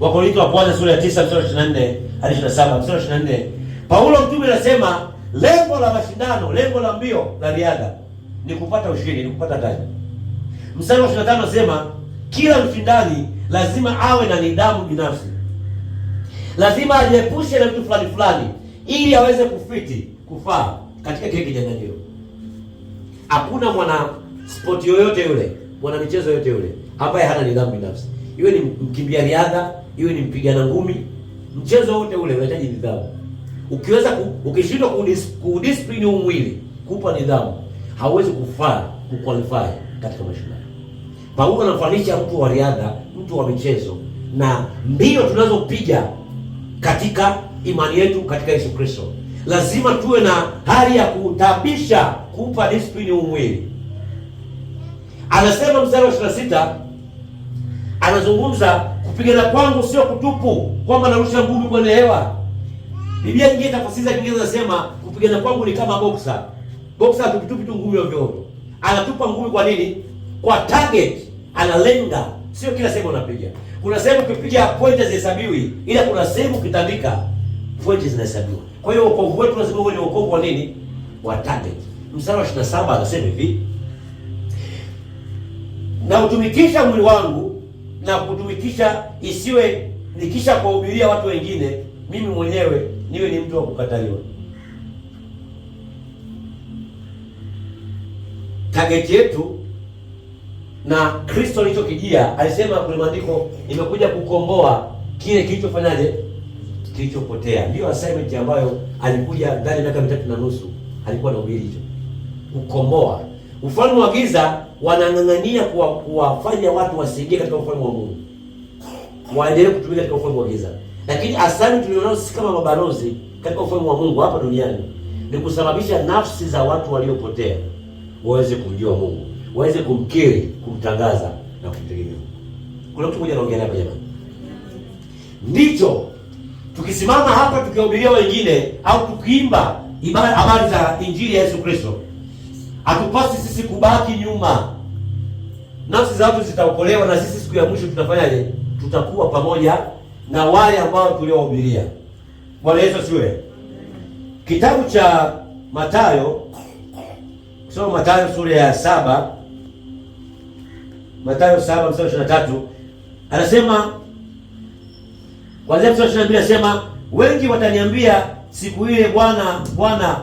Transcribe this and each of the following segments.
Wakorintho wa kwanza sura ya 9 mstari wa 24 hadi 27, mstari wa 24. Paulo mtume anasema lengo la mashindano, lengo la mbio la riadha ni kupata ushindi, ni kupata taji. Mstari wa 25 anasema kila mshindani lazima awe na nidhamu binafsi, lazima ajiepushe na mtu fulani fulani ili aweze kufiti kufaa katika kile kinyang'anyiro. Hakuna mwana spoti yoyote yule, mwana michezo yoyote yule ambaye hana nidhamu binafsi iwe ni mkimbia riadha, iwe ni mpigana ngumi, mchezo wote ule unahitaji nidhamu. Ukiweza ku, ukishindwa kudiscipline huu mwili kupa nidhamu, hauwezi kufaa kuqualify katika mashindano. Paulo anafanisha mtu wa riadha, mtu wa michezo na mbio tunazopiga katika imani yetu katika Yesu Kristo. Lazima tuwe na hali ya kutabisha kupa discipline huu mwili. Anasema mstari wa 26 anazungumza kupigana kwangu sio kutupu, kwamba narusha ngumi kwenye hewa. Biblia nyingine tafasiri za Kiingereza nasema kupigana kwangu ni kama boksa. Boksa hatutupi tu ngumi ovyo ovyo, anatupa ngumi. Kwa nini? Kwa target, analenga. Sio kila sehemu anapiga. Kuna sehemu ukipiga pointi hazihesabiwi, ila kuna sehemu ukitandika pointi zinahesabiwa. Kwa hiyo wokovu wetu lazima uwe ni wokovu Kwa nini? Wa target. Mstari wa 27 anasema hivi, na utumikisha mwili wangu na kutumikisha, isiwe nikisha kuhubiria watu wengine, mimi mwenyewe niwe ni mtu wa kukataliwa. Target yetu na Kristo alichokijia, alisema kule maandiko, nimekuja kukomboa kile kilichofanyaje, kilichopotea. Ndiyo assignment ambayo alikuja ndani ya miaka mitatu na nusu alikuwa na hicho kukomboa Ufalme wa giza wanang'ang'ania kuwa, kuwafanya watu wasiingie katika ufalme wa Mungu, waendelee kutumika katika ufalme wa giza. Lakini asani tulionao sisi kama mabalozi katika ufalme wa Mungu hapa duniani ni kusababisha nafsi za watu waliopotea waweze kumjua Mungu, waweze kumkiri, kumtangaza na kumtegemea. Kuna mtu mmoja anaongea hapa jamani, ndicho tukisimama hapa tukiwahubiria wengine au tukiimba habari za injili ya Yesu Kristo Hatupasi sisi kubaki nyuma. Nafsi za watu zitaokolewa, na sisi siku ya mwisho tutafanyaje? Tutakuwa pamoja na wale ambao tuliowahubiria. Bwana Yesu asiwe. Kitabu cha Mathayo, kusoma Mathayo sura ya saba, Mathayo saba mstari ishirini na tatu anasema kuanzia mstari ishirini na mbili anasema wengi wataniambia siku ile, Bwana Bwana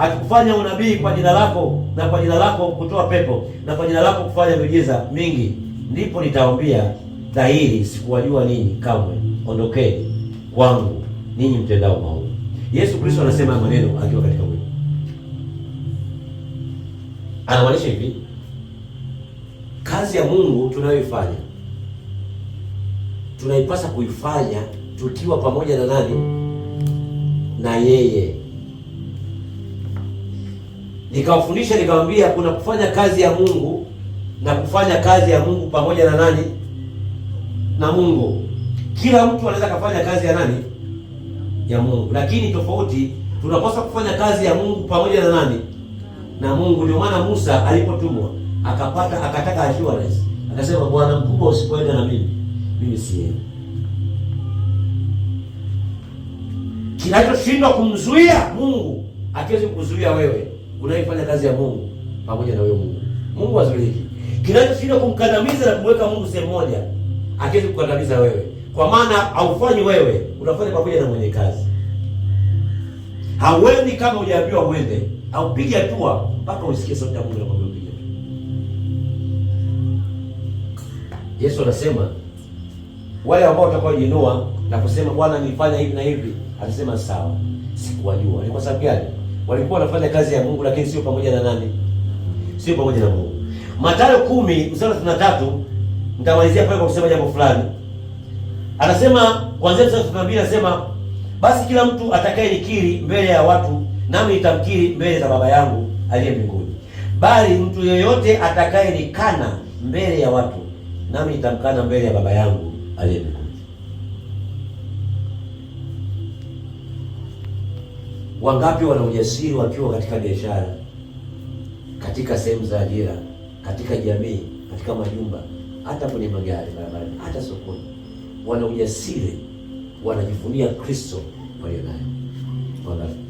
Hakikufanya unabii kwa jina lako na kwa jina lako kutoa pepo na kwa jina lako kufanya miujiza mingi, ndipo nitawaambia dhahiri, sikuwajua ninyi kamwe, ondokeni kwangu ninyi mtendao maovu. Yesu Kristo anasema maneno akiwa katika mwili, anamaanisha hivi, kazi ya Mungu tunayoifanya tunaipasa kuifanya tukiwa pamoja na nani? Na yeye Nikawafundisha nikawambia kuna kufanya kazi ya Mungu na kufanya kazi ya Mungu pamoja na nani na Mungu. Kila mtu anaweza kufanya kazi ya nani ya Mungu, lakini tofauti tunapaswa kufanya kazi ya Mungu pamoja na nani na Mungu. Ndio maana Musa alipotumwa akapata akataka assurance, akasema Bwana mkubwa, usipoenda na mimi mimi siendi. Kinachoshindwa kumzuia Mungu akiwezi kukuzuia wewe unayefanya kazi ya Mungu pamoja na huyo Mungu. Mungu azuliki. Kinachoshinda kumkandamiza na kumweka Mungu sehemu moja, akiwezi kukandamiza wewe, kwa maana haufanyi wewe, unafanya pamoja na mwenye kazi. Hauendi kama hujaambiwa uende, au haupigi hatua mpaka usikie sauti ya Mungu inakwambia upige. Yesu anasema wale ambao watakuwa jinua na kusema Bwana, nifanya hivi na hivi, anasema sawa, sikuwajua. Ni kwa sababu gani? walikuwa wanafanya kazi ya Mungu, lakini sio pamoja na nani? Sio pamoja na Mungu. Mathayo kumi mstari wa 33 nitamalizia pale kwa kusema jambo fulani. Anasema kuanzia mstari thelathini anasema basi kila mtu nikiri mbele ya watu, nami nitamkiri mbele za Baba yangu aliye mbinguni. Bali mtu yeyote nikana mbele ya watu, nami nitamkana mbele ya Baba yangu aliye mbinguni. Wangapi wana ujasiri wakiwa katika biashara, katika sehemu za ajira, katika jamii, katika majumba, hata kwenye magari barabarani, hata sokoni, wana ujasiri, wanajivunia Kristo walionayo, Wangapi?